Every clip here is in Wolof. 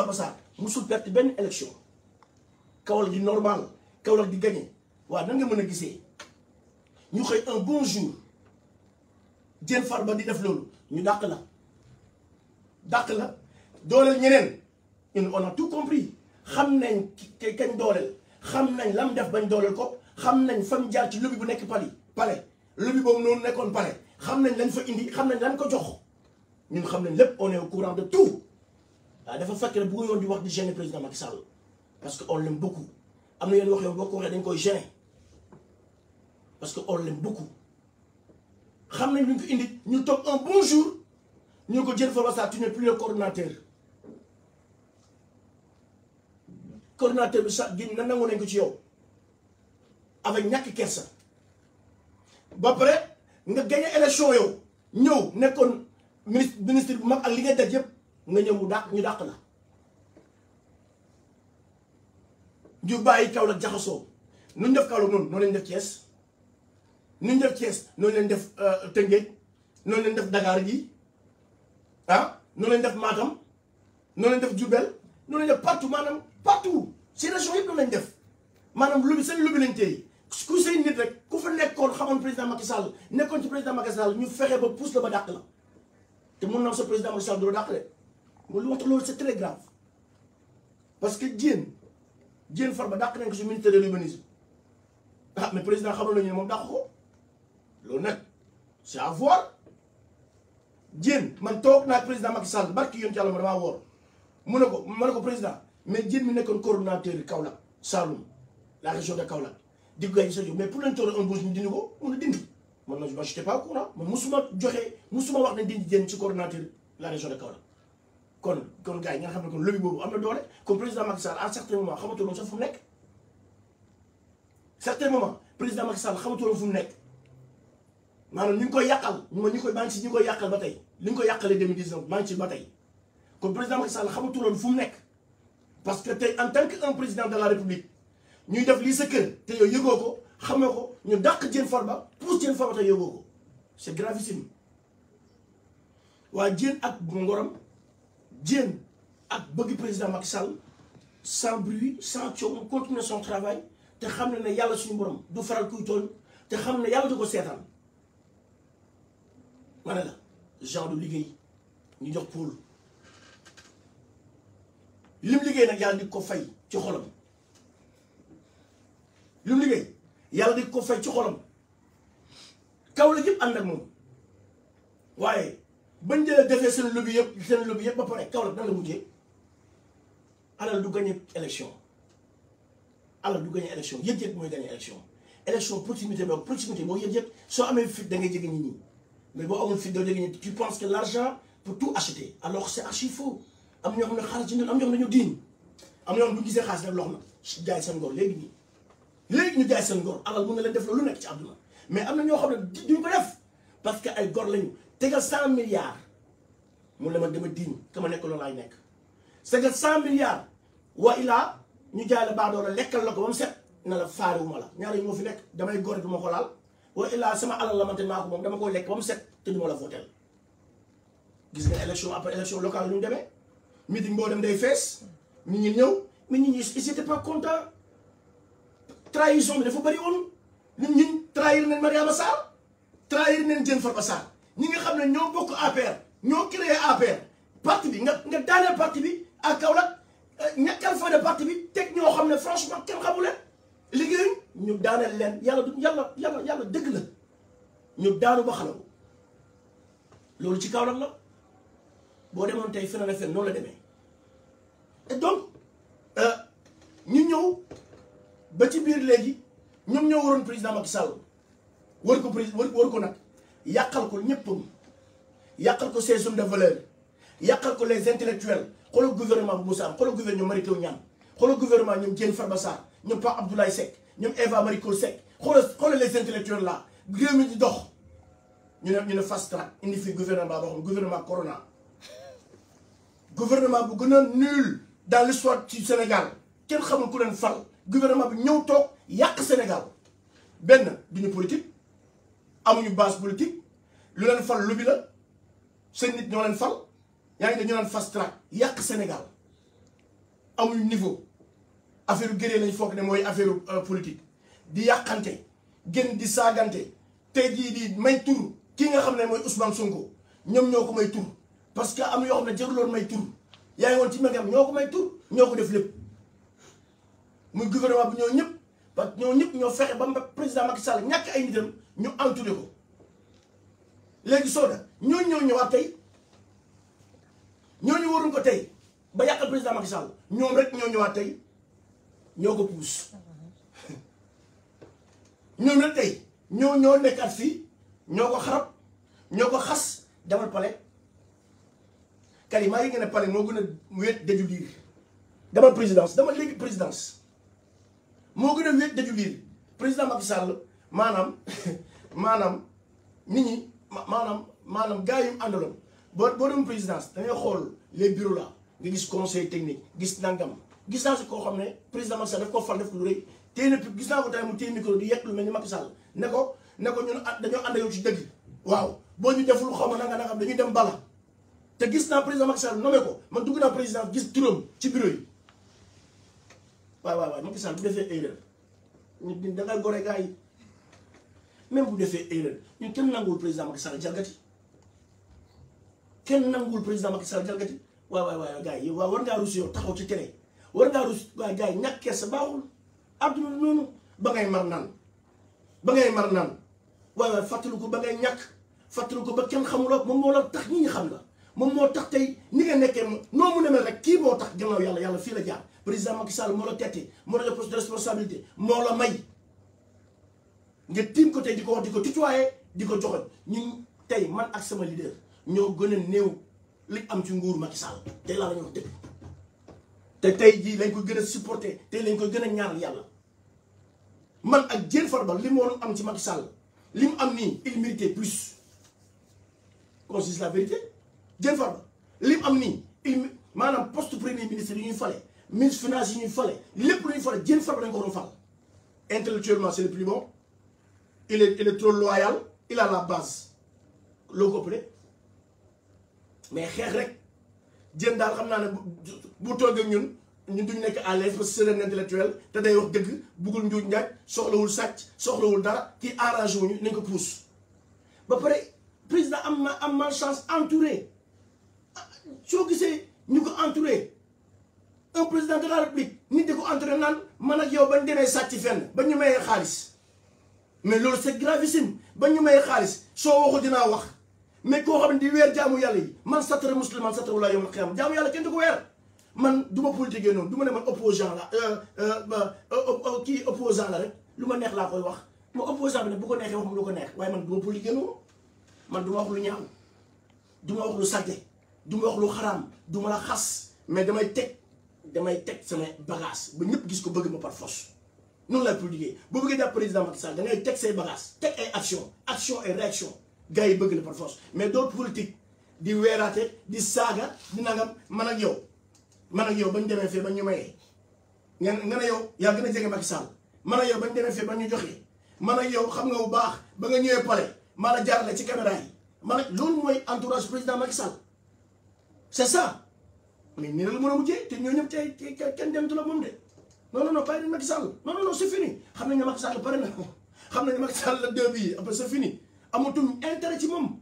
Farba Sarr musul perte benn élection kawal di normal Kaolack di gagné waaw nan nga mën a gisee ñu xëy un bon jour Diène ba di def loolu ñu dàq la dàq la dooleel ñeneen ñun on a tout compris xam nañ ki kañ dooleel xam nañ lam def bañ dooleel ko xam nañ fam jaar ci lobby bu nekk pali pale lobby boobu noonu nekkoon pare xam nañ lañ fa indi xam nañ lañ ko jox ñun xam nañ lépp on est au courant de tout waaw ah, dafa fekk ne bëgg yoon di wax di gêner président Macky Sall parce que on l'aime beaucoup am na yenn wax yoon boo ko waxee dañ koy gêner parce que on l'aime beaucoup xam nañ lu ñu ko indi ñu toog un bon jour ñu ko jël Farba Sarr tu n'es plus le coordonnateur coordonnateur bi sax gin na nangu nañ ko ci yow avec ñàkk kersa ba pare nga gagné élection yow ñëw nekkoon ministre ministre bu mag ak li ngay daj yëpp nga ñëw dàq ñu dàq la ñu bàyyi kaw la jaxasoo nu def kaw la noonu noonu leen def cees nu def cees noonu leen def euh, Tëngéej noonu leen def Dakar gi ah noonu leen def Matam noonu leen def Diourbel noonu leen def partout maanaam partout si région yëpp noonu def maanaam lu bi seen lu bi lañ téye ku say nit rek ku fa nekkoon xamoon président Macky Sall nekkoon ci président Macky ñu fexe ba pousse la ba dàq la te mun na am sa président Macky Sall du la dàq de nga lu wax loolu c'est très parce que Diène Diène Farba dàq nañ ko si ministère de l'urbanisme ah mais président xamal nañu ne moom dàq ko loolu nag c'est à voir Diène man toog naa président Macky Sall barki yoon ci yàlla ma damaa woor mu ne ko mu ne ko président mais Diène mi nekkoon coordonnateur yi Kaolack Saloum la région de Kaolack di ko gars yi mais pour lañ toog un bouche ñu dindi ko mun a dindi man nag je n'étais pas courant man musuma wax ne dindi Diène ci coordonnateur la région de Kaolack. kon kon gars yi nga xam ne kon lobby boobu am na doole kon président Macky Sall à certain moment xamatuloon sax fu nekk certain moment président Macky Sall xamatuloon fu mu nekk maanaam ñu ngi koy yàqal ñu ma ñu koy maa ngi si ñu koy ba tey li ñu koy yàqalee 2019 maa ngi ba tey kon président Macky Sall xamatuloon fu mu nekk parce que te en tant que un président de la république ñuy def lii sa kër te yow yëgoo ko xamee ko ñu dàq Diène Farba pousse Diène Farba te yëgoo ko c'est gravissime waa Diène ak ngoram Diène ak bëgg président Macky Sall sans bruit sans coow mu continuer son travail te xam na ne yàlla suñu borom du faral kuy tooñ te xam na yàlla du ko seetaan ma la genre du liggéey ñu jox Paul lim liggéey nag yàlla di ko fay ci xolam lim liggéey yàlla di ko ci xolam kaw la yëpp ànd ak moom waaye bañ jëlee defee seen lobby yëpp seen yëpp ba pare Kaolack nan la mujjee alal du gagné élection alal du gagné élection yëg-yëg mooy gagné élection élection proximité boobu proximité boo yëg-yëg soo amee fit da ngay jege nit ñi mais boo amul fit doo jege nit tu penses que l' argent peut tout acheter alors c'est archi faux am ñoo xam ne xaalis ji am ñoo xam ne ñu diin am ñoo xam ne bu léegi nii ñu jaay seen ngor alal mun na leen def la lu nekk ci àdduna mais am na ñoo xam ne duñ ko def parce que ay gor lañu tegal cent milliards mu la ma dama diiñ ka nekk loolu laay nekk tegal cent milliards wa ilaa ñu jaay la baadoo la lekkal la ko ba mu set na la faariwuma la ñaar yi moo fi nekk damay góor du ma ko laal wa sama alal la man te maa moom dama koy lekk ba mu set te du ma la gis nga élection après élection locale lu ñu demee meeting boo dem day fees nit ñi ñëw mais nit ñi ils étaient pas contents trahison bi dafa bëri woon nit ñi trahir nañ Mariama ñi nga xam ne ñoo bokk APR ñoo créé APR parti bi nga nga daaneel parti bi ak Kaolack euh, ñàkkal fayda parti bi teg ñoo xam ne franchement kenn xamu liggéey liggéeyuñ ñu daaneel leen yàlla du yàlla yàlla yàlla dëgg la ñu daanu ba xalamu loolu ci Kaolack la boo demoon tey feneen ak feneen noonu la demee et donc euh, ñu ñëw ba ci biir léegi ñoom ñoo waroon président Macky Sall war ko président war ko nag. yàqal ko ñëppam yàqal ko ses hommes de valeur yàqal ko les intellectuels xoolal gouvernement bu Moussa am xoolal gouvernement Mary Teuw Niane xoolal gouvernement ñoom Diène Farba Sarr ñoom Pape Abdoulaye Seck ñoom Eva Marie Coll Seck xoolal xoolal les intellectuels là réew mi di dox ñu ne ñu ne fast indi fi gouvernement boo xam gouvernement corona gouvernement bu gën a nul dans l'histoire ci Sénégal kenn xamul ku leen fal gouvernement bi ñëw toog yàq Sénégal benn duñu politique amuñu base politique lu leen fal lu bi la seen nit ñoo leen fal yaa ngi ñu naan fast track yàq Sénégal amuñu niveau affaire gëree lañ foog ne mooy affaire euh, politique di yàqante gën di saagante te jii di may tur ki nga xam ne mooy Ousmane Sonko ñoom ñoo ko may tur parce que am yoo xam ne jaruloon may tur yaa ngi woon ci mengam ñoo ko may tur ñoo ko def lépp muy gouvernement bi ñoo ñëpp parce que ñoo ñëpp ñoo fexe ba président Macky Sall ñàkk ay nitam ñu entouré ko léegi Soda ñooñu ñoo ñëwaat tey ñoo ñooñu waruñ ko tey ba yàqal président Macky ñoom rek ñoo ñëwaat tey ñoo ko puus ñoom rek tey ñoo ñoo nekkaat si ñoo ko xarab ñoo ko xas demal pale kalima yi ngeen ne pale moo gën a wéet daju liir demal présidence demal léegi présidence moo gën a wéet daju liir président Macky Sall maanaam maanaam nit ñi maanaam maanaam gars yu mu àndaloon boo boo dem présidence da xool les bureaux là nga gis conseil technique gis nangam gis naa si koo xam ne président Macky Sall daf koo fal def ko lu rëy téye na gis naa ko tey mu téye micro di yegg lu mel ni Macky Sall ne ko ne ko ñun dañoo ànd yow ci dëgg waaw boo ñu deful xaw ma nanga nangam dañuy dem bala te gis naa président Macky Sall nommé ko man dugg naa président gis turam ci bureau yi waaw waaw waaw Macky Sall bu defee gars yi même bu defee erreur ñun kenn nanguwul président Macky Sall jalgati kenn nanguwul président Macky Sall jalgati waaw waaw waaye gars yi waaw war ngaa rus yow taxaw ci tere war ngaa rus waaw gars yi ñàkk kersa baaxul àdduna noonu ba ngay mar naan ba ngay mar naan waaw waaw ko ba ngay ñàkk fàttali ko ba kenn xamuloo moom moo la tax ñi nga xam la moom moo tax tey ni nga nekkee noo mu demee rek kii moo tax gannaaw yàlla yàlla fii la jaar président Macky Sall moo la tette moo la jox poste de responsabilité moo nga tiim ko tey di ko wax di ko tutoyer di ko joxoñ ñun tey man ak sama leader ñoo gën a néew li am ci nguur Macky Sall tey laa la ñu wax dëgg te tey jii lañ ko gën a supporter tey lañ ko gën a ñaanal yàlla man ak Diène Farba li mu waroon am ci Macky Sall li mu am nii il méritait plus qu'on dise la vérité Diène Farba li mu am nii il maanaam poste premier ministre yi ñuy fale ministre finance yi ñuy fale lépp lu ñuy fale Diène Farba lañ ko waroon fal intellectuellement c'est le plus bon il est il est trop loyal il a la base loo ko ëppale mais xeex rek jën daal xam naa ne bu bu toogee ñun ñun duñ nekk à l'aise parce que c'est un intellectuel te day wax dëgg buggul njuuj njaaj soxlawul sàcc soxlawul dara kii arrangé wuñu nañ ko pousse ba pare président am ma am malchance enturé ah, soo gisee ñu ko entouré un président de la république nit di ko entouré naan man ak yow bañ demee sàcc fenn ba ñu mayee xaalis mais loolu c'est gravissime ba ñu may xaalis soo waxul dinaa wax mais koo xam ne di weer jaamu yàlla yi man satara musliman satara wala yawmal qiyaama jaamu yàlla kenn du ko weer man du ma politique noonu du ma ne man opposant la euh, euh, euh, kii opposant la rek lu ma neex laa koy wax ma opposant bi nag ko neexee wax mu ko neex waaye man du ma politique noonu man du ma wax lu ñaaw du ma wax lu salte du ma wax lu xaraam du ma la xas mais damay teg damay teg samay bagage ba ñëpp gis ko bëgg ma par force noonu laay politiquer boo bëggee jàpp président Macky Sall da ngay teg say bagages teg ay action action et réaction gars yi bëgg na par force mais doo politique di weeraate di saaga di nangam man ak yow man ak yow bañ demee ba ñu mayee nga nga ne yow yaa gën a jege Macky bañ demee fee ba ñu joxee man ak yow xam nga bu baax ba nga ñëwee pare maa la jaarale ci caméra yi man ak loolu mooy entourage président Macky Sall c'est ça mais nii la mën a mujjee te ñoo ñëpp tey kenn demtu la moom de non non non bàyyi leen Macky Sall non non fini xam nañ ne mag Sall pare na xam nañ ne Macky Sall la deux bi après c'est fini amatul ci moom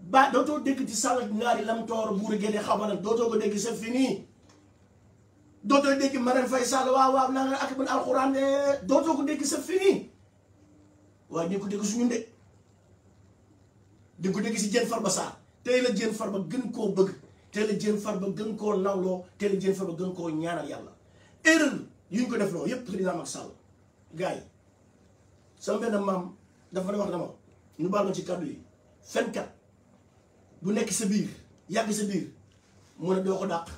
ba dootoo dégg ci Sall ngaari lam toor buur génne xaw ma nag dootoo ko dégg c'est fini dootoo dégg Marème Faye Sall waaw waaw naa nga ak man alxuraan de eh, dootoo ko dégg c'est fini waaye di ko dégg suñu de di ko dégg si Diène Farba Sarr tey la jën far ba gën koo bëgg tey la far Farba gën koo nawloo tey la Diène Farba gën koo ñaanal yàlla erreur yu ñu ko loolu yëpp président Macky Sall gars yi sama benn maam dafa wax dama ñu baal ma ci kàddu yi fenkat bu nekk sa biir yàgg sa biir mu ne doo ko dàq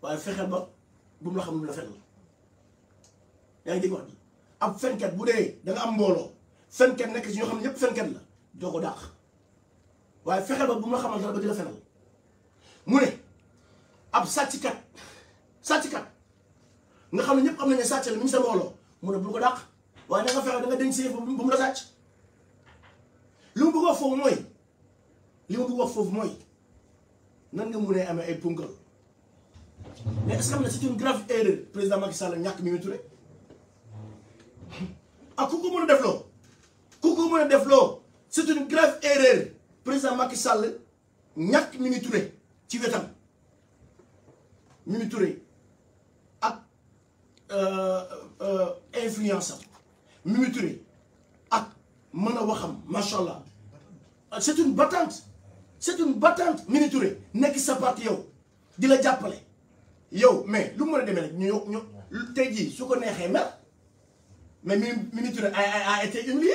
waaye fexeel ba bu mu la xam lu la wax ab fenkat bu dee da am mbooloo fenkat nekk ci ñoo xam ne ñëpp fenkat la doo ko dàq waaye fexeel ba bu mu la xamal dara ba di la mu ne ab sàcckat sàcckat nga xam ne ñëpp am nañu ne sàcc la mi ngi sa mbooloo mu ne bul ko dàq waaye na nga fexe da nga denc sa yëf ba mu la sàcc li mu bëgg wax foofu mooy li mu bëgg wax foofu amee ay punkal mais est xam ne c'est une grave erreur président Macky Sall ñàkk Mimi Touré ak ah, ku mën a def loo ku ko mën a def loo c'est une grave erreur président Macky Sall ñàkk Mimi Touré ci wetam Mimi Touré Euh, euh, influence am Mimi Touré ak mën a waxam macha allah c' est une battante c' est nekk sa parti yow di la jàppale yow mais lu mu mën a demee rek ñu yokk ñu tey jii su ko neexee mer mais Mimi Mimi Touré a a été humilié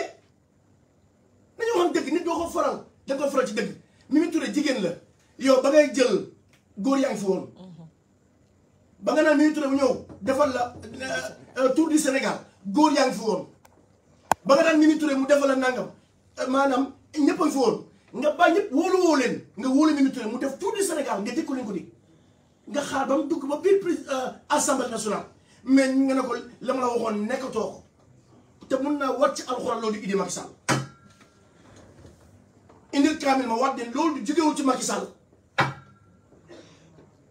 nañu waxoon dëgg nit doo ko faral da nga ko faral ci dëgg Mimi jigéen la yow ba ngay jël góor yaa ngi fi woon. ba nga naan ministre bu ñëw defal la euh, euh, tour di Sénégal góor yaa ngi fi woon ba nga naan ministre mu defal la nangam euh, maanaam ñëpp a fi woon nga ba ñëpp wóolu woo leen nga wóolu ministre mu def tour du Sénégal nga jëkku leen ko di nga xaar ba mu dugg ba biir prise assemblée nationale mais nga ne ko la ma la waxoon nekkatoo ko te mun naa wat ci alxuraan loolu di Idi Macky indi indil kaamil ma wat de loolu di jógewul ci Macky Sall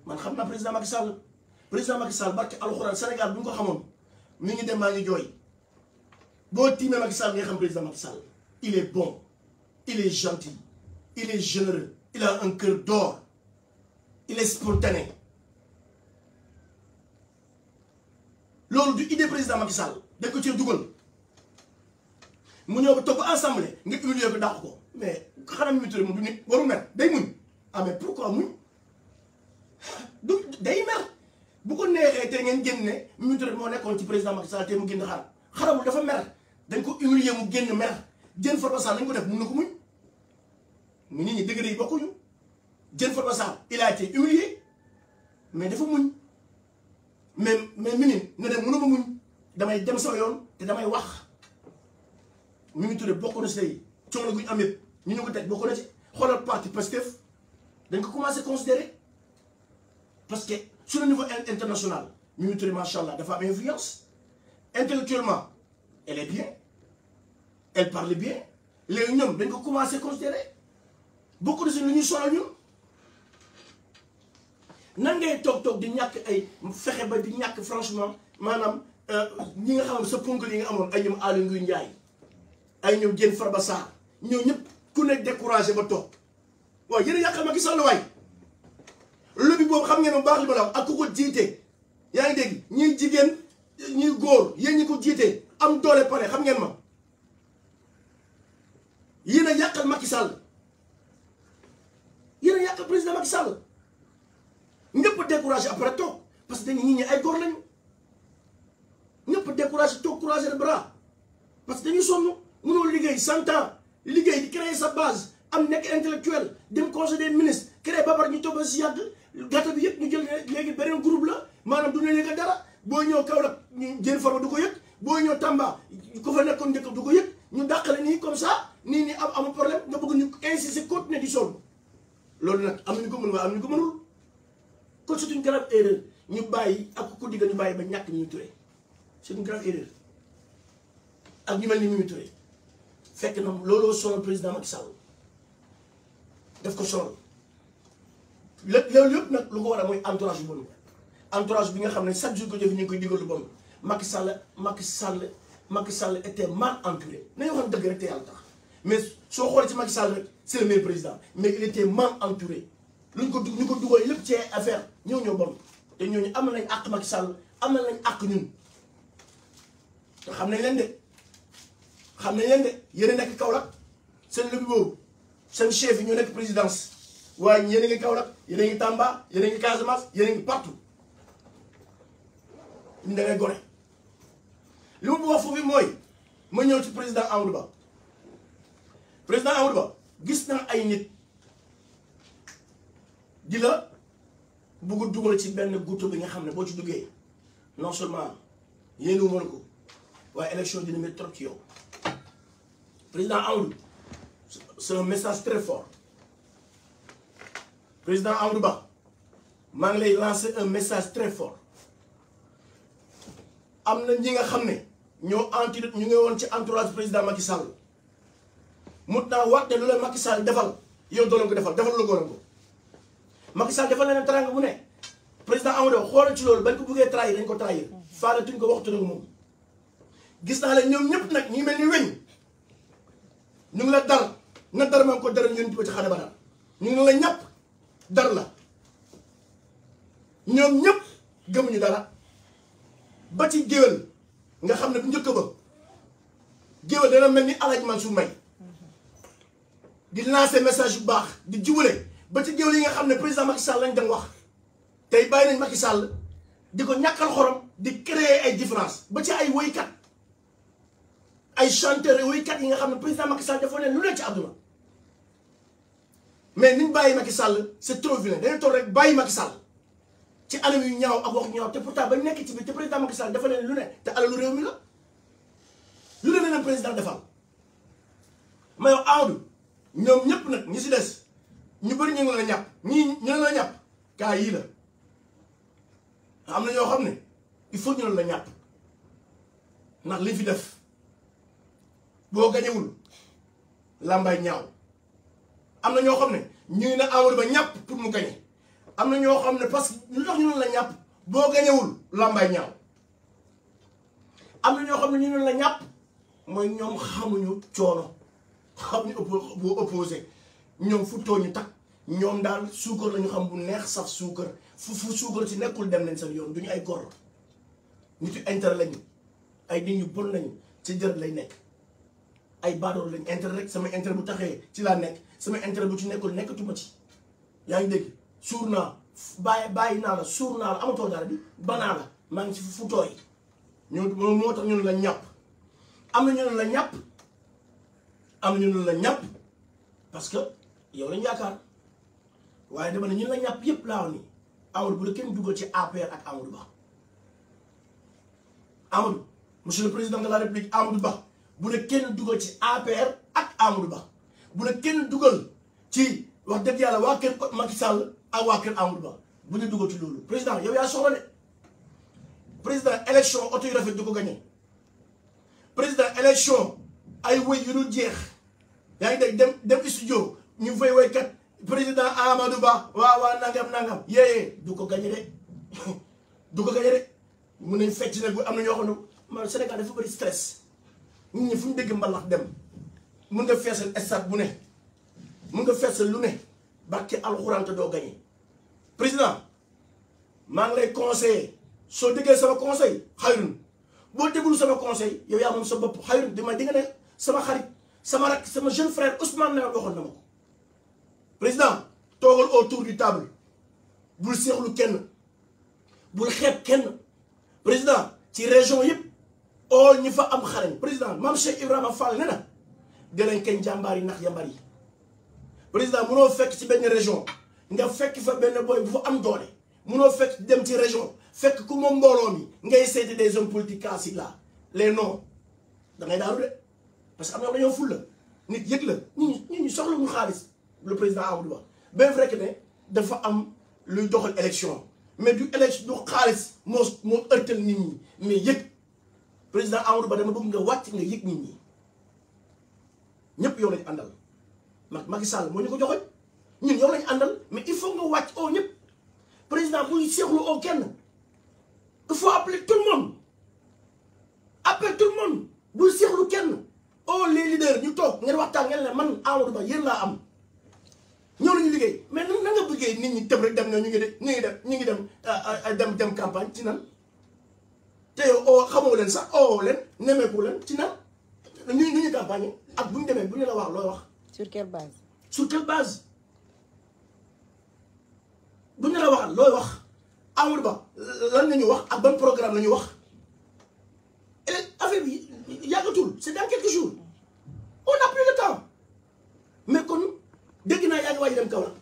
man xam naa président Macky Sall président Macky Sall barke alxuraan Sénégal bu ñu ko xamoon mi ngi dem maa ngi jooy boo tiimee Macky ngay xam président Macky il est bon il est gentil il est généreux il a un cœur il est spontané loolu du idée président Macky Sall dañ dugal mu ñëw ba toog ba assemblée nga humilier ko dàq ko mais xanaa Mimi Touré moom du nit waru mer day muñ ah mais pourquoi muñ day mer. bu ko neexee tey ngeen génne Mimi moo nekkoon ci président Macky Sall tey mu génn xar xaramul dafa mer dañ ko humilier mu génn mer Diène Farba Sall lañ ko def mu na ko muñ mu nit ñi degré yi bokkuñu Diène Farba Sall mais dafa muñ mais mais Mimi ne dem mënuma muñ damay dem sama yoon te damay wax Mimi Touré bokk na si tey coono guñ am ñu ñu ko teg bokk na ci parti Pastef dañ ko commencé considérer parce que sur le niveau international Mimi Touré macha allah dafa am influence intellectuellement elle est bien elle parle bien léegi ñoom dañ ko commencé considérer beaucoup de si lu ñuy sonal ñun nan ngay toog toog di ñàkk ay fexe ba di ñàkk franchement maanaam euh, ñi nga xam sa ponkal yi nga amoon ay ñoom Aly Ngouille Ndiaye ay ñoom Diène Farba Sarr ñëw ñëpp ku nekk découragé ba toog waaw yéen a yàqal Macky Sall waay boobu xam ngeen bu baax li ma la ak ko ko jiite yaa ngi dégg ñuy jigéen ñuy góor yéen ñi ko jiite am doole pare xam ngeen ma yéen a yàqal Macky Sall yéen a yàqal président Macky Sall ñëpp découragé après toog parce que dañu ñii ñi ay góor lañu ñëpp découragé toog couragé le bras parce que ñu sonn mënoo liggéey cent ans liggéey di créer sa base am nekk intellectuel dem conseil des ministres créer babar ñu toog si yàgg data bi yëpp ñu jël léegi beneen groupe la maanaam du ne yëg dara boo ñëw Kaolack jën forba du ko yëg boo ñëw Tamba ko fa nekkoon njëkk du ko yëg ñu dàqale nii comme ça nii nii am amul problème nga bëgg ñu insister continuer di sonn loolu nag am nañu ko mën am nañu ko mënul kon c'est une grave erreur ñu bàyyi ak ku digga ñu bàyyi ba ñàkk ñu turee c'est une grave erreur ak ñu mel ni ñu Touré fekk na looloo solo président Macky Sall daf ko sonal lépp loolu yëpp nag lu ko war a mooy entourage bu bon entourage bi nga xam ne chaque jour ko jëf ñu ngi koy digal lu bon Macky Sall Macky Sall Macky Sall était mal entouré nañu waxoon dëgg rek te yàlla tax mais soo xoolee ci makk Sall rek c'est président mais il était mal entouré ñu ko ñu ko dugal lépp ci affaire ñëw ñëw bon te ñooñu am nañ àq Macky Sall am nañ àq ñun te xam nañ leen de xam nañ leen de yéen a nekk Kaolack seen lobby boobu seen chef yi ñoo nekk présidence. waaye yéen a ngi Kaolack yéen a ngi Tamba yéen a ngi partout ñu da ngay gore li ma wax foofu mooy ma ñëw ci président Amadou Ba président Amadou Ba gis naa ay nit di la bugg dugal ci benn guttu bi nga xam ne boo ci duggee non seulement yéen a mën ko waaye élection dina métti trop ci yow président Amadou c'est un message très président Amadou Ba maa ngi lay lancer un message très for am na ñi nga xam ne ñoo anti ñu ngi woon ci entourage président Macky Sall mut naa waxte lu la Macky Sall defal yow doo leen ko defal defal la góoram ko Macky Sall defal na leen teraanga bu ne président Amadou Ba xoolal ci loolu bañ ko bëggee trahir dañ ko trahir faaletuñ ko waxtu nag moom gis naa leen ñoom ñëpp nag ñu mel ni weñ ñu ngi la dar na dar maa ko dara ñun ba ci xare ba ñu ngi la ñàpp dara la ñoom ñëpp gëmuñu dala ba ci géwél nga xam ne bu njëkk ba géwél dana mel ni alaaj Mansour Mbaye di lancer message bu baax di jubale ba ci géwél yi nga xam ne président Macky Sall lañ dem wax tey bàyyi nañ Macky sàll di ko ñàkkal xorom di créer ay différence ba ci ay woykat ay chanteur woykat yi nga xam ne président Macky Sall dafa ne lu ne ci àdduna mais niñ bàyyi Macky Sall c'est trop vilain dañu toog rek bàyyi Macky Sall ci anam yu ñaaw ak wax ñaaw te pourtant ba nekk ci biir te président Macky Sall dafa leen lu ne te alalu réew mi la lu ne leen président defal ma yow aadu ñoom ñëpp nag ñu si des ñu bëri ñu ngi la ñàpp ñii ñu ne la ñàpp kaa yii la am na ñoo xam ne il faut ñu ne la ñàpp ndax liñ fi def boo gañewul làmbaay ñaaw am na ñoo xam ne ñu ngi na Amadou Ba ñàpp pour mu gañe am na ñoo xam ne parce que lu tax ñu ne la ñàpp boo gañewul làmbaay ñaaw am na ñoo xam ne ñu ne la ñàpp mooy ñoom xamuñu coono xam ñu boo opposé ñoom fu tooñu takk ñoom daal suukar lañu xam bu neex saf suukar fu fu suukar ci nekkul dem nañ seen yoon duñu ay gor nit yu intérêt lañu ay nit ñu bon lañu ci jër lay nekk ay baadoor lañ intérêt rek sama intérêt bu taxee ci laa nekk sama intérêt bu ci nekkul nekkatuma ci yaa ngi dégg suur naa bàyyi bàyyi naa la suur naa la amatoo dara bi maa ngi ci fu tooy ñoo moo tax ñu ne ñàpp am na ñu ne ñàpp am la ñàpp parce que yow lañ yaakaar waaye dama ne ñu ñàpp yépp laa ni Amadou bu la kenn dugal ci APR ak Amadou Ba Amadou monsieur le président de la république Amadou Ba bu la kenn dugal ci APR ak Amadou Ba bu la kenn dugal ci wax dëgg yàlla waa kër Macky Sall ak waa kër Amadou bu ñu dugal ci loolu président yow yaa soxla de président élection oto yu rafet du ko gagné président élection ay woy yu dul ñu fay woykat président Amadou Ba waa waa nangam nangam yéyee du ko gagné de du ko gagné de mun nañ fecc nag bu am na ñoo xam ne Sénégal dafa bëri stress mu ñi fu mu dégg mbalax dem mun nga feesal stade bu ne mun nga feesal lu ne barke alxuraan te doo gañe président maa ngi lay conseillé soo déggee sama conseil xayrun boo déglu sama conseil yow yaa moom sa bopp xayrun di ma di sama xarit sama rak sama jeune frère Ousmane Nawel waxoon na ma ko président toogal autour du table bul seexlu kenn bul xeet kenn président ci région yëpp oo oh, ñi fa am xarañ président maam Cheikh Ibrahima Fall ne na dinañ kañ jàmbaar yi nax yambar yi président munoo fekk ci benn région nga fekk fa benn boy bu fa am doole munoo fekk dem ci région fekk ku moom mbooloo mi ngay seeti des hommes politiques classiques là les non da ngay parce que am na dañoo ful la nit yëg la ñu ñu soxla ñu xaalis le président Amadou Ba bien vrai ne dafa am luy doxal élection mais du élection du xaalis moo moo ërtal nit ñi président Amadou Ba dama bëgg nga wàcc nga yëg nit ñi ñëpp yow lañu àndal ndax Macky Sall moo ñu ko joxoon ñun yow lañu àndal mais il faut nga wàcc oo ñëpp président buy seexlu oo kenn il faut appeler tout le moon bu tout le monde buy seexlu kenn oo oh, les leaders ñu toog ngeen waxtaan ngeen ne man Amadou Ba yéen laa am. ñoo la ñu liggéey mais na nga bëggee nit ñi tëb rek dem na ñu ngi de ñu ngi dem ñu ngi dem euh, euh, dem dem campagne ci nan. te oo xamoo leen sax oo leen nemmeeku leen ci nan ñu ñu a campagne ak bu ñu demee bu ñu la wax looy wax. sur quelle base. sur quelle base bu looy wax Amadou Ba lan la ñu wax ak ban programme la ñu wax et affaire bi yàggatul c'est dans quelques jours on n'a plus le temps mais kon dégg naa yaa ngi waaj dem Kaolack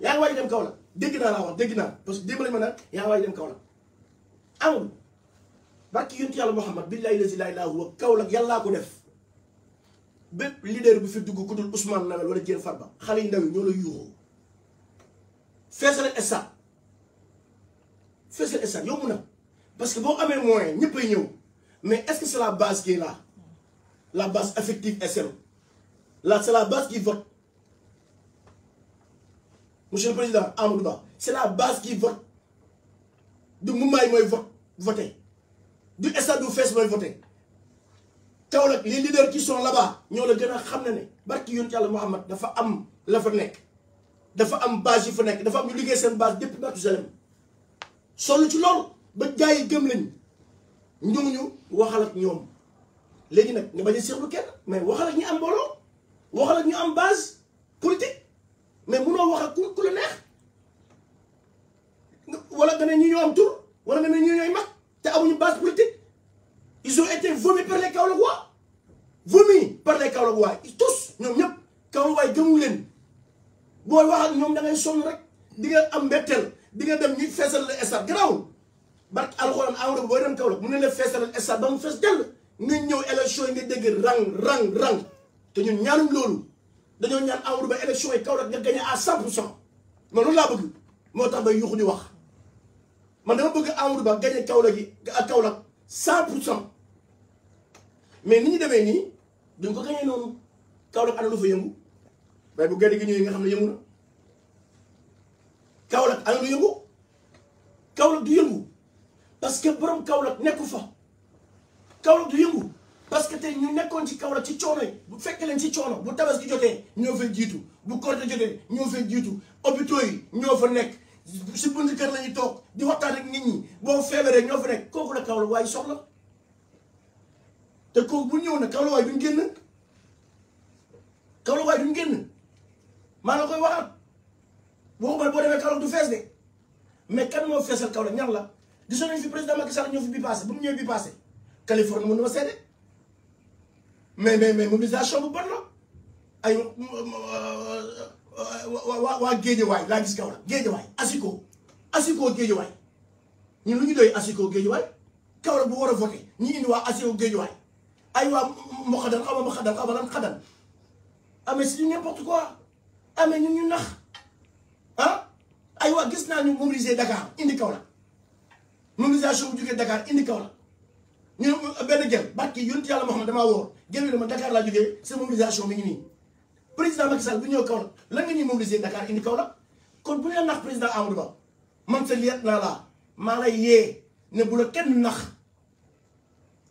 yaa dégg naa laa wax dégg naa parce que démb lañu ma naan yaa ngi waaj dem Kaolack. amul barki yontu yàlla Muhammad billahi lazi laa ilaaha huwa Kaolack yàllaa ko def bépp leader bu fi dugg ku dul Ousmane Nawel wala Diène Farba xale yu ndaw yi ñoo la yuuxoo feesal stade feesal stade yomb na parce que boo amee moyen ñëpp ñëw mais est-ce que c'est la base qui est là la base affective est celle là la base qui vote monsieur président Amadou Ba c'est la base qui vote du Mbumaay mooy vote voté du stade du fees mooy voté Kaolack les leaders qui sont là-bas ñoo la gën a xam na ni ne ci yonent Yàlla Muhammad dafa am la fa nekk dafa am base yu fa nekk dafa am ñu liggéey seen base depuis Mathusalem sonn ci lool ba jaay yi gëm lañu ñu waxal ak ñoom léegi nag nga bañ a seexlu kenn mais waxal ak ñu am mbooloo waxal ñu am base politique mais munoo wax ak ku ku la neex. wala nga ne ñi ñoo am tur wala nga ne ñi ñooy mag te amuñu base politique ils ont été vomis par les Kaolackois vomis par les Kaolackois tous ñoom ñëpp Kaolackois gëmu leen booy wax ak ñoom da ngay sonn rek di nga am mbetteel di nga dem ñu feesal la stade garaawul barke alxuraan awra booy dem Kaolack mu ne la feesal stade ba mu fees dell nga ñëw élection yi nga dégg rang rang rang te ñun ñaanum loolu dañoo ñaan awra ba élection yi Kaolack nga gagné à 100 pour cent man loolu laa bëgg moo tax bay yuuxu di wax. man dama bëgg Amadou Ba gagné Kaolack yi ak Kaolack cent pour cent mais ni ñu demee nii duñ ko gagné noonu Kaolack ana lu fa yëngu waaye bu gerte gi ñëwee nga xam ne yëngu na Kaolack ana lu yëngu Kaolack du yëngu parce que borom Kaolack nekku fa Kaolack du yëngu parce que tey ñu nekkoon ci Kaolack ci coono yi bu fekkee leen ci coono bu gi jotee ñoo fay jiitu bu korite jotee ñoo fay jiitu hôpitaux yi ñoo fa nekk. si bunt kër lañuy toog di waxtaan ak nit ñi boo feebaree ñoo fa nekk kooku la Kaolack waaye soxla te kooku bu ñëw na Kaolack waaye duñ génn Kaolack waaye duñ génn maa nga koy waxaat boo boo demee Kaolack du fees de mais kan moo feesal Kaolack ñan la gisoon nañ fi président Macky Sall ñëw fi bi passé bu mu ñëwee bi passé Californie mën na ma seede mais mais mais mobilisation bu bari la ay euh, euh, waa waa géejewaay laa gis kaw la géejewaay asiko asiko géejewaay ñun lu ñu doy asiko géejewaay kaw la war a voté ñu indi waa asiko géejewaay ay waa moxadal xaw ma moxadal xaw ma lan xadal amee si n'importe quoi amee ñun ñu nax ah ay waa gis naa nu mobiliser Dakar indi kaw la mobilisation bu jógee Dakar indi kaw la ñu benn gel barki yonent yàlla moo xam ne damaa wóor gel bi dama Dakar laa jógee sa mobilisation mi ngi nii président Macky Sall bu ñëw Kaolack lan nga ñuy mobiliser Dakar indi Kaolack kon bu ñu la nax président Amadou Ba man sa liet naa la maa la yee ne bu la kenn nax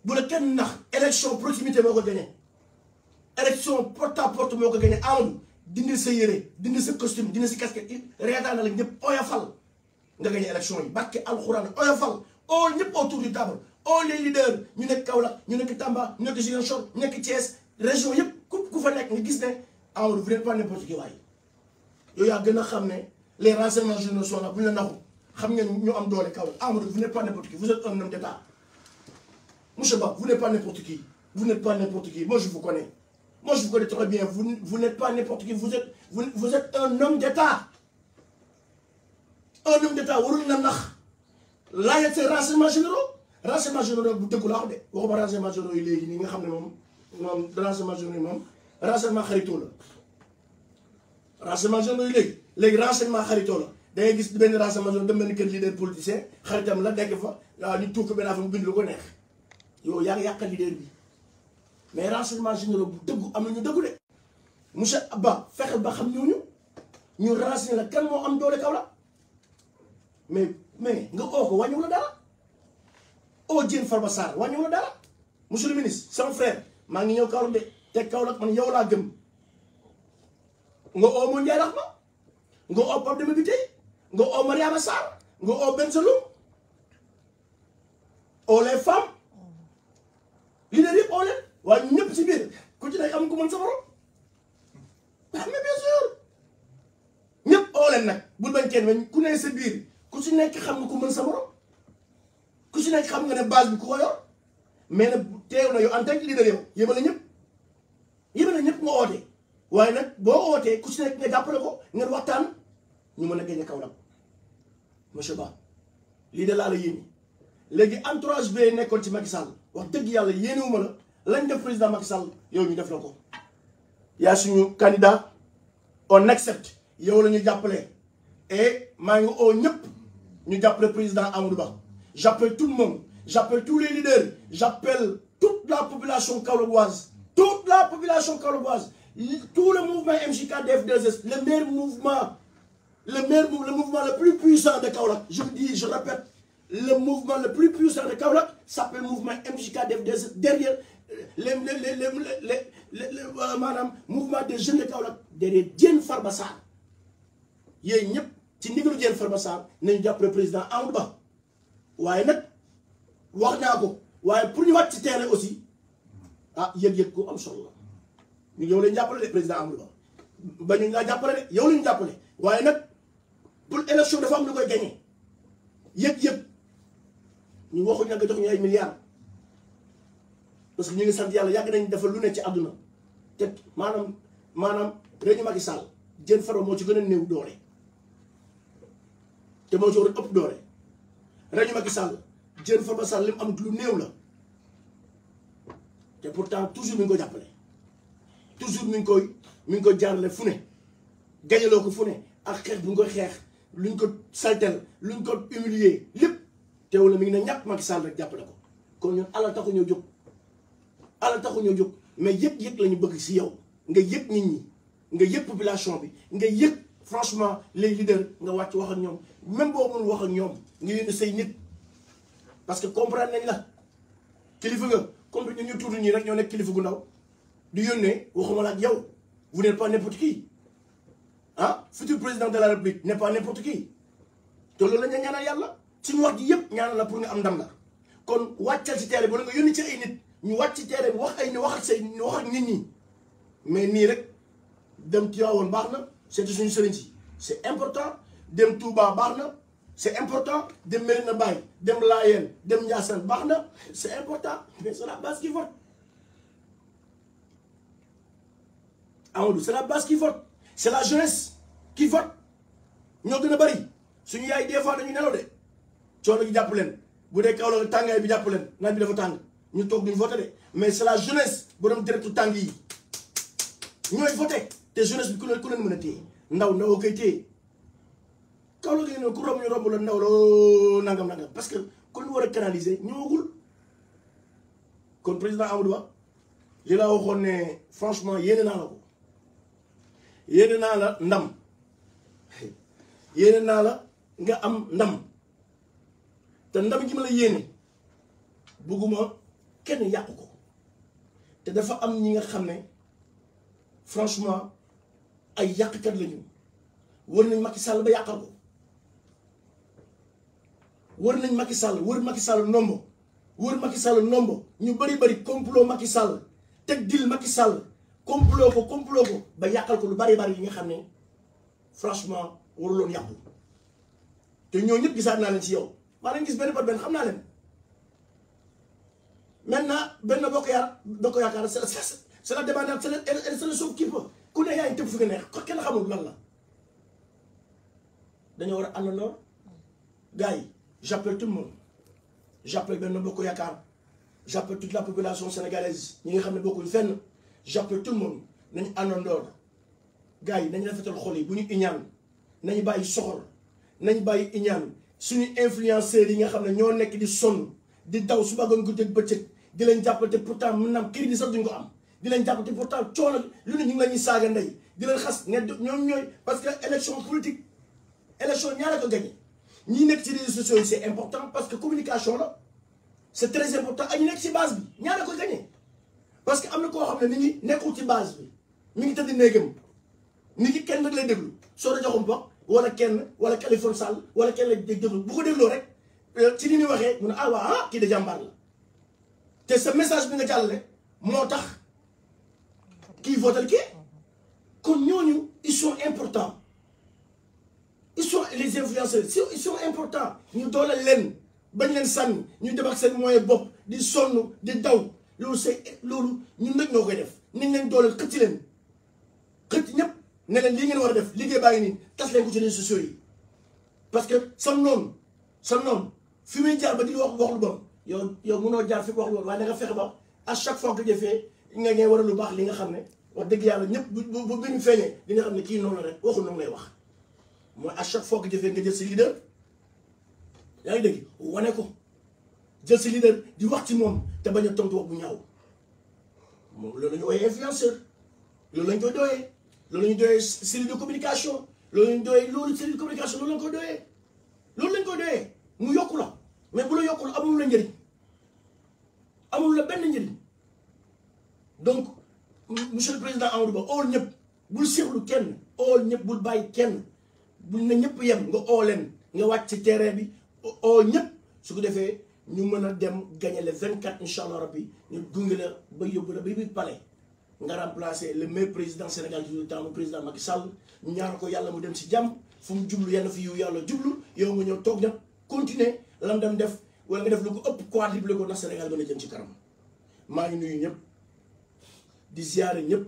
bu la kenn nax élection proximité moo ko gagné élection porte porte moo ko gagné Amadou dindi sa yére dindi sa costume dindi si casquette yi reetaan na la ñëpp oyofal nga a élection yi barke alxuraan oyofal oo ñëpp autour du table oo les leaders ñu nekk Kaolack ñu nekk Tamba ñu nekk Ziguinchor ñu nekk Thiès région ku fa nekk nga gis ne Amadou ah, vous n'êtes pas n'importe qui waay yow yaa gën a xam ne les renseignements généraux sont là bu ñu la naxu xam ngeen ñu am doole kaw ah, Amadou vous n'êtes pas n'importe qui vous êtes un homme d'État monsieur Ba vous n'êtes pas n'importe qui vous n'êtes pas n'importe qui moi je vous connais moi je vous connais très bien vous vous n'êtes pas n'importe qui vous êtes vous vous êtes un homme d'État un homme d'État warul na nax laajal say renseignements généraux renseignements généraux bu dëggu laa wax de waxuma renseignements généraux yi léegi nii nga xam ne moom moom renseignements généraux yi moom. renseignement xaritoo la renseignement zone yooyu léegi léegi renseignement xaritoo la da gis benn renseignement zone dem benn kër leader politicien xaritam la dekk fa waaw ñu tuuk benn affaire mu bind lu ko neex yow yaa ngi yàqal leader bi mais renseignement généraux bu dëggu am na ñu dëggu de monsieur ba fexe ba xam ñooñu ñu renseigné la kan moo am doole kaw la mais mais nga oo ko wàññiwul la dara oo Diène Farba Sarr wàññiwul la dara monsieur le sama frère maa ngi ñëw Kaolack de. te Kaolack man yow laa gëm nga oo mu Ndiaye Rahma nga oo Pape Demba Bitèye nga oo Mariama Sarr nga oo Ben Saloum oo les femmes leader yëpp oo leen waaye ñëpp ci biir ku ci nekk am ku mën sa borom ah mais bien oo leen nag bul bañ kenn ku ne sa biir ku ci nekk xam nga ko mën sa borom ku ci nekk xam nga ne base bi ku ko yor mais nag teew na yow en tant que leader yow yéen a ñëpp. yéen a ñëpp nga oote waaye nag boo ootee ku si nekk nga jàppale ko ngeen waxtaan ñu mën a génne Kaolack monsieur Ba lii de laa la yéene léegi entourage bi nekkoon ci Macky Sall wax dëgg yàlla yéenewuma la lañ def président Macky Sall yow ñu def la ko. yaa suñu candidat on accepte yow la ñu jàppale et maa ngi oo ñëpp ñu jàppale président Amadou Ba j'appelle tout moom monde j'appelle tous les leaders j'appelle toute la population kaolackoise. toute la population caloboise, tout le mouvement MJKDF2S, le meilleur mouvement, le meilleur le mouvement le plus puissant de Kaolak, je vous dis, je répète, le mouvement le plus puissant de Kaolak s'appelle mouvement MJKDF2S, derrière le les, les, les euh, maanaam mouvement des jeunes de Kaolack derrière Diène Farba Sarr yooyu ñëpp ci ndigalu Diène Farba Sarr nañu jàppale président Amadou Ba waaye nag wax naa ko waaye pour ñu wàcc ci aussi ah yëg-yëg ku am solo la yow lañu jàppale de président Amadou Ba ba ñu laa jàppale de yow lañu jàppale waaye nag pour élection dafa am lu koy gagné yëg-yëg ñu waxuñ nag nga jox ñu ay milliards parce que ñu ngi sant yàlla yàgg nañ dafa lu nekk ci àdduna te maanaam maanaam réñu Macky sàll jën faro moo ci gën a néew doole te moo ci war ëpp doole réñu Macky Sall jën faro Sall li mu am lu néew la te pourtant toujours mi ngi ko jàppale toujours mi ngi koy mi ngi ko jaarale fu ne gañaloo ko fu ne ak xeex bu ñu ko xeex luñ ko saltel luñ ko humilier lépp teew la mi ngi ne ñàkk Macky Sall rek jàppale ko kon ñun alal taxu ñoo jóg alal taxu ñoo jóg mais yëpp yëpp la ñu bëgg si yow nga yëpp nit ñi nga yëpp population bi nga yëpp franchement les leaders nga wàcc wax ak ñoom même boo mënul wax ak ñoom nga yéen say nit parce que comprendre nañ la comme ñun ñu tuuti ñii rek ñoo nekk kilifa gu di yónnee waxuma la ak yow vous n'êtes pas n'importe qui ah futur président de la république n'est pas n'importe qui te loolu la ñu ñaanal yàlla suñu wax ji yëpp ñaanal la pour nga am ndam la kon wàccal ci terrain bi wala nga yónni ci ay nit ñu wàcc ci terrain bi wax ay ni wax ak say wax ak nit ñi mais nii rek dem Tivaouane baax na seeti suñu sëriñ si c'est important dem Touba baax na. c'est important dem na Baye dem Layeen dem Ndiassane baax na c'est important mais c'est la base qui vote Amadou c'est la base ki vote c'est la jeunesse qui vote ñoo gën a bëri suñu yaay des fois dañu nelaw de coono gi jàpp leen bu dee Kaolack tàngaay bi jàpp leen naaj bi dafa tàng ñu toog duñu voté de mais c'est la jeunesse borom deretu tàng yi ñooy voté te jeunesse bi ku leen ku leen mën a téye ndaw ndaw koy téye Kaolack yi noonu ku romb ñu romb la ndaw la oh, nangam nangam parce que kon ñu war a canaliser ñëwagul kon président Amadou Ba li laa waxoon ne franchement yéene naa la ko yéene naa la ndam yéene naa la nga am ndam te ndam gi ma la yéene bugguma kenn yàq ko te dafa am ñi nga xam ne franchement ay yàqkat lañu war nañ Macky Sall ba yàqal ko wër nañ Macky Sall wër Macky sàll nombo wër Macky Sall nombo ñu bari bari complot Macky Sall teg dil Macky Sall complot ko complot ko ba yàqal ko lu bari bari yi nga xam ne franchement waruloon yàqu te ñoo ñëpp gisaat naa leen ci yow maa leen gis benn par benn xam naa leen maintenant benn bokk yaar bokk yaakaar c'est c'est la demande c'est le sauve qui peut ku ne yaay tëb fi nga neex kenn xamul lan la dañoo war a àndandoo gars yi j'appelle tout le monde j'appelle Benno Bokk Yaakaar j'appelle toute la population sénégalaise ñi nga xam ne bokkuñ fenn j'appelle tout le monde nañu àndandoor gaa yi nañu rafetal xol yi bu ñu iñaan nañu bàyyi soxor nañu bàyyi iñaan suñu influenceurs yi nga xam ne ñoo nekk di sonn di daw suba ngoon guddeeg bëccëg di leen jàppate pourtant mën naam crédit sax duñ ko am di leen jàppate pourtant coono lu ne ñu ngi la ñuy saaga ndey di leen xas ne ñoom ñooy parce que élection politique élection ñaara ko gagné ñi nekk ci réseaux sociaux yi c' important parce que communication la c' est très important añ nekk ci base bi ñaare koy gagné parce que am na koo xam ne mi ngi nekkul ci base bi mi ngi tëdd néegam nit ki kenn rek lay déglu soo da joxum bopp wala kenn wala Californie Sall wala kenn lay déglu bu ko loo rek euh, ci ni ñu waxee mu ne ah waa ah kii de la te sa message bi nga jàllale moo tax kii votal kii kon ñooñu ils sont importants ils sont les influenceurs ils sont importants ñu doole leen bañ leen sànni ñu dem ak seen moyen bopp di sonn di daw loolu c'est loolu ñun nag ñoo koy def nañ leen dooleel xëcc leen xëcc ñëpp ne leen lii ngeen war a def liggéey baa ngi nii tas leen ko ci réseaux sociaux yi parce que sam noonu sam noonu fi muy jaar ba di wax wax lu bon yow yow mënoo jaar fi wax lu bon waaye da nga fexe ba à chaque fois que jëfee nga ngay war a lu baax li nga xam ne wax dëgg yàlla ñëpp bu bu bu ñu feeñee li nga xam ne kii noonu la rek waxul noonu lay wax mooy à chaque fois que nga jël sa leader yaa ngi dégg wane ko jël sa leader di wax ci moom te bañ a tontu wax bu ñaaw moom loolu la ñu ooyee influenceur loolu la ñu de doyee loolu la ñu doyee série de communication loolu la ñu doyee loolu série de communication loolu la ñu koy loolu la ñu mu yokku la mais bu la yokku la amul la njëriñ amul la benn njëriñ donc monsieur le président Amadou Ba ool ñëpp bul seexlu kenn ool ñëpp bul bàyyi kenn buñ na ñëpp yem nga oo leen nga wàcc ci terrain bi oo ñëpp su ko defee ñu mën a dem gagné le 24 incha allah rabbi ñu gunge la ba yóbbu la ba biir palais nga remplacer le meilleur président Sénégal du temps président Macky Sall ñu ñaar ko yàlla mu dem si jàmm fu mu jublu yenn fi yu yàlla jublu yow nga ñëw toog nag continuer lan dem def wala nga def lu ko ëpp quadruplé ko ndax Sénégal mën a jëm ci kanam maa ngi nuyu ñëpp di ziare ñëpp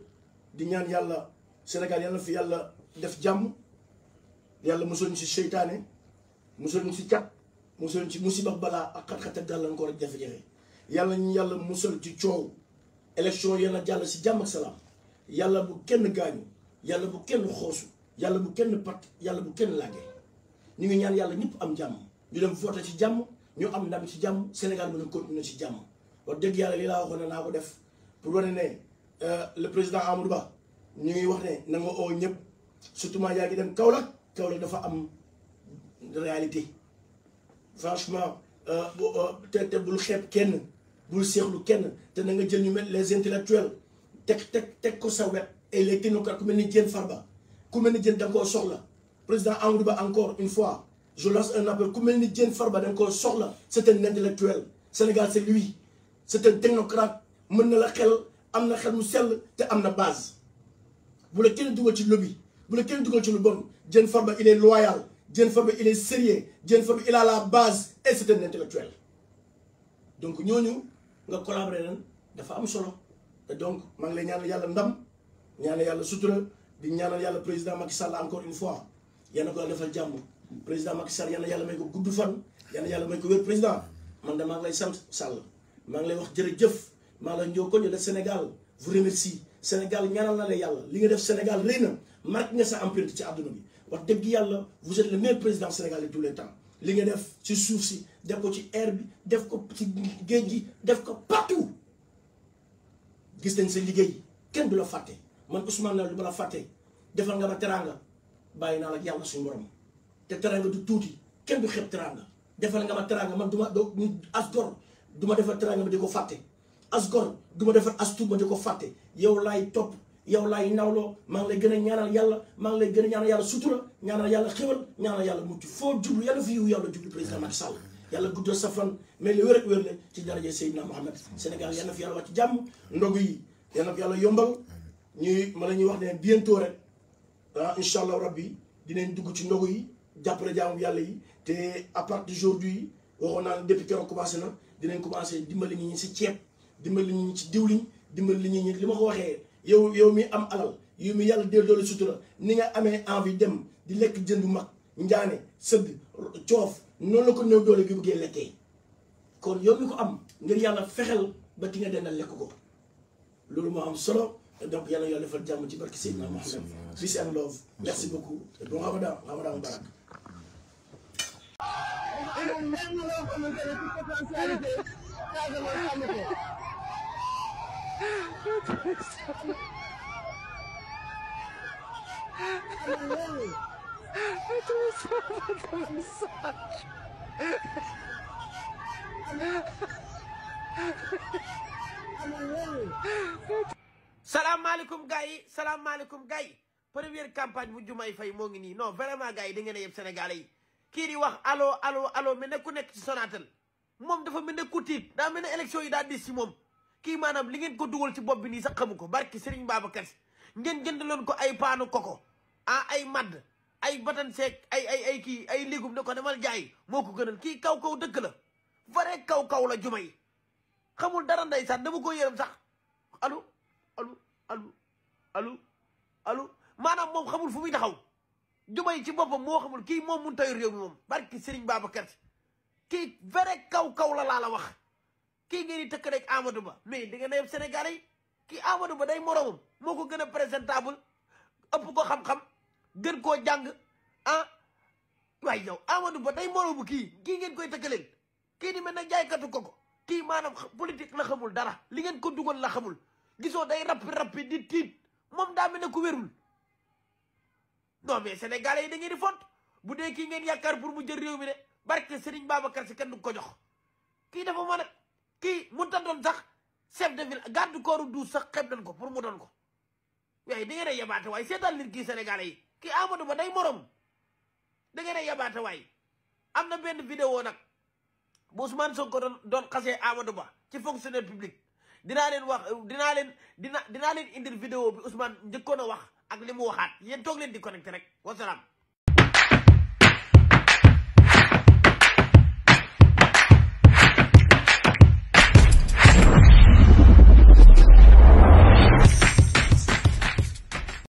di ñaan yàlla Sénégal yàlla fi yàlla def jàmm. yàlla mosoon ñu si seytaane mosoon ñu si cat mosoon ci musiba balaa ak xat-xat ak gàllankoor ak jafe-jafe yàlla ñu yàlla mosal ci coow élection yàlla jàll si jàmm ak yàlla bu kenn gaañu yàlla bu kenn xoosu yàlla bu kenn pat yàlla bu kenn làgge ñu ngi ñaan yàlla ñëpp am jàmm ñu dem voté ci jàmm ñu am ndam ci jàmm Sénégal mën a continuer ci jàmm wax dëgg yàlla lii laa waxoon ne naa ko def pour wane ne euh, le président Amadou Ba ñu wax ne na ñëpp surtout maa yaa ngi dem Kaolack Kaolack dafa am réalité franchement euh, euh, te te bul xeet kenn bul seexlu kenn te na nga jël ñu mel les intellectuels teg teg teg ko sa wet et les technocrates ku mel ni Diène Farba ku mel ni Diène da nga koo soxla président Amadou Ba encore une fois je lance un appel ku mel ni Diène Farba da nga koo soxla c'est un intellectuel Sénégal c'est lui c'est un technocrate mën na la xel am na xel mu sell te am na base bu la kenn dugal ci lobby bu la kenn dugal ci lu bon Diène Farba il est loyal Diène Farba il est sérieux Diène a la base et c'est un intellectuel donc ñooñu nga collaborer leen dafa am solo te donc maa ngi lay ñaanal yàlla ndam ñaanal yàlla sutura di ñaanal yàlla président Macky Sall encore fois yal na ko yàlla defal jàmm président Macky yàlla may ko gudd fan yal yàlla may ko wér président man damaa lay sant Sall maa ngi lay wax jërëjëf maa ngi lay njoo ko ñu def Sénégal vous remercie Sénégal ñaanal na la yàlla li nga def Sénégal rëy na. marque nga sa empreinte ci àdduna bi wax dëgg yàlla vous êtes le président sénégalais de tous les temps li nga def ci suuf si def ko ci air bi def ko ci géej gi def ko partout gis nañ sa liggéey kenn du la fàtte man Ousmane la du ma la fàtte defal nga ma teraanga bàyyi naa la yàlla suñu borom te teraanga du tuuti kenn du xeeb teraanga defal nga ma teraanga man du ma doo as du ma defal teraanga ma di ko fàtte as du ma defal as tuut ma di ko fàtte yow laay topp yow laay nawloo maa ngi lay gën a ñaanal yàlla maa lay gën a ñaanal yàlla sutura ñaanal yàlla xéwal ñaanal yàlla mucc foo jublu yàlla fi yiw yàlla jublu président Macky Sall yàlla guddal sa fan mais li wér ak wér la ci daraje Seydina Mohamed Sénégal yal na fi yàlla wàcc jàmm ndogu yi yal na fi yàlla yombal ñuy man la ñuy wax ne bientôt rek ah incha allah rabbi dinañ dugg ci ndogu yi jàppale jaamu yàlla yi te à partir d'aujourd'hui waxoon naa ne depuis keroog commencé na dinañ commencé dimbali ñi ci ceeb dimbali ñi ci diwliñ dimbali ñi li ma ko waxee yow yow mi am alal yow mi yàlla deel doole sutura ni nga amee envie dem di lekk jën bu mag njaane sëdd coof noonu la ko néew doole gi bëggee lekkee kon yow mi ko am ngir yàlla fexel ba ki nga denda lekk ko loolu moo am solo donc yàlla yàlla fa jàmm ci barke Seydina Mohamed peace and love merci beaucoup et bon ramadan ramadan mubarak léegi nag salaamaaleykum gars yi salaamaaleykum gars yi première campagne bu Diomaye fay moo ngi nii non vraiment gars yi da ngeen a yeb Sénégalais yi kii di wax alo allo allo mel ne ku nekk ci Sonatel moom dafa mel ne ku daa mel ne élection yi daa dis ci moom kii maanaam li ngeen ko dugal ci bopp bi nii sax xamu ko barki Serigne Babacar Si ngeen jëndaloon ko ay paanu koko ah, ay madd ay batan seek ay ay ay kii ay légume ne ko demal jaay moo ko gënal kii kaw kaw dëkk la vrai kaw kaw la juma xamul dara ndeysaan dama ko yërëm sax alu alo alo alu alu maanaam moom xamul fu muy taxaw juma yi ci boppam moo xamul kii moom mun tayu réew mi moom barki Serigne Babacar Si kii vrai kaw kaw la laa la wax kii ngeen di tëkk rek Amadou Ba mais di ngeen a yem Sénégalais yi kii Amadou Ba day moromam moo ko gën a présentable ëpp ko xam-xam gën koo jàng ah waaye yow Amadou Ba day moromu kii kii ngeen koy tëkkaleen ki di mel na jaaykatu koko kii maanaam politique la xamul dara li ngeen ko duggoon la xamul gisoo day rappi rappi di tiit moom daa mel ne ku wérul non mais sénégalais yi da ngeen font bu dee kii ngeen yakaar pour mu jël réew mi ne barke Serigne Babacar si kenn du ko jox kii dafa mën kii mu ta doon sax chef de ville garde corps sax xeeb nañ ko pour mu doon ko waaye da ngeen a yabaate waay seetaan leen kii sénégalais yi kii Amadou Ba day morom da ngeen a yabaate waay am na benn vidéo nag bu Ousmane Sonko doon doon xasee Amadou Ba ci fonctionnaire public dinaa leen wax dinaa leen dina dinaa leen indil vidéo bi Ousmane njëkkoon a wax ak li mu waxaat yéen toog leen di connecté rek wasalaam